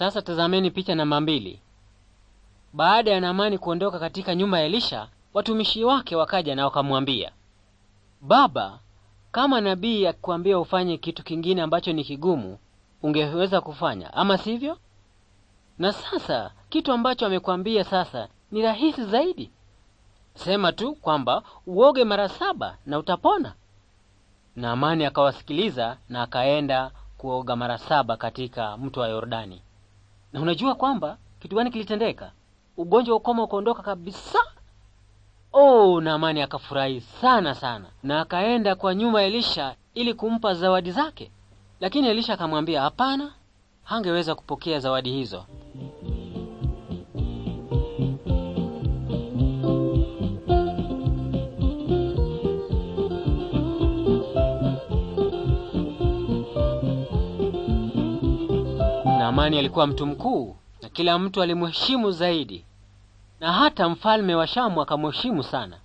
Sasa tazameni picha namba mbili. Baada ya Naamani kuondoka katika nyumba ya Elisha, watumishi wake wakaja na wakamwambia, Baba, kama nabii akikwambia ufanye kitu kingine ambacho ni kigumu, ungeweza kufanya, ama sivyo? Na sasa kitu ambacho amekwambia sasa ni rahisi zaidi. Sema tu kwamba uoge mara saba na utapona. Naamani akawasikiliza na akaenda kuoga mara saba katika mto wa Yordani. Na unajua kwamba kitu gani kilitendeka? Ugonjwa wa ukoma ukaondoka kabisa. Oh, Naamani akafurahi sana sana na akaenda kwa nyuma Elisha ili kumpa zawadi zake, lakini Elisha akamwambia hapana, hangeweza kupokea zawadi hizo. Naamani alikuwa mtu mkuu na kila mtu alimheshimu zaidi, na hata mfalme wa Shamu akamheshimu sana,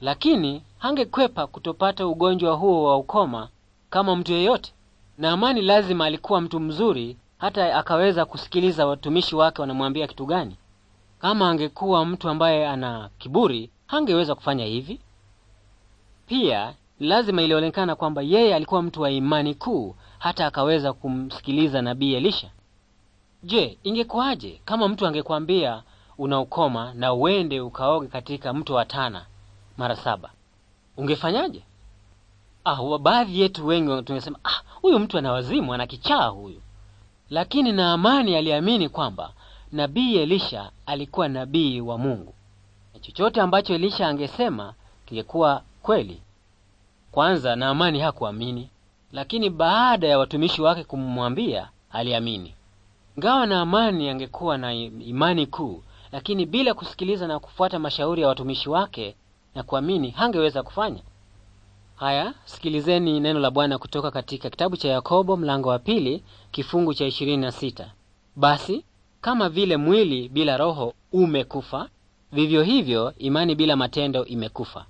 lakini hangekwepa kutopata ugonjwa huo wa ukoma kama mtu yeyote. Naamani lazima alikuwa mtu mzuri, hata akaweza kusikiliza watumishi wake wanamwambia kitu gani. Kama angekuwa mtu ambaye ana kiburi, hangeweza kufanya hivi. Pia lazima ilionekana kwamba yeye alikuwa mtu wa imani kuu, hata akaweza kumsikiliza nabii Elisha. Je, ingekuwaje kama mtu angekwambia una ukoma na uende ukaoge katika mto wa Tana mara saba, ungefanyaje? Ah, baadhi yetu wengi tungesema ah, huyu mtu ana wazimu, ana kichaa huyu. Lakini Naamani aliamini kwamba nabii Elisha alikuwa nabii wa Mungu, na chochote ambacho Elisha angesema kingekuwa kweli. Kwanza Naamani hakuamini, lakini baada ya watumishi wake kumwambia aliamini ngawa na amani angekuwa na imani kuu, lakini bila kusikiliza na kufuata mashauri ya watumishi wake na kuamini, hangeweza kufanya haya. Sikilizeni neno la Bwana kutoka katika kitabu cha Yakobo mlango wa pili kifungu cha sita basi kama vile mwili bila roho umekufa, vivyo hivyo imani bila matendo imekufa.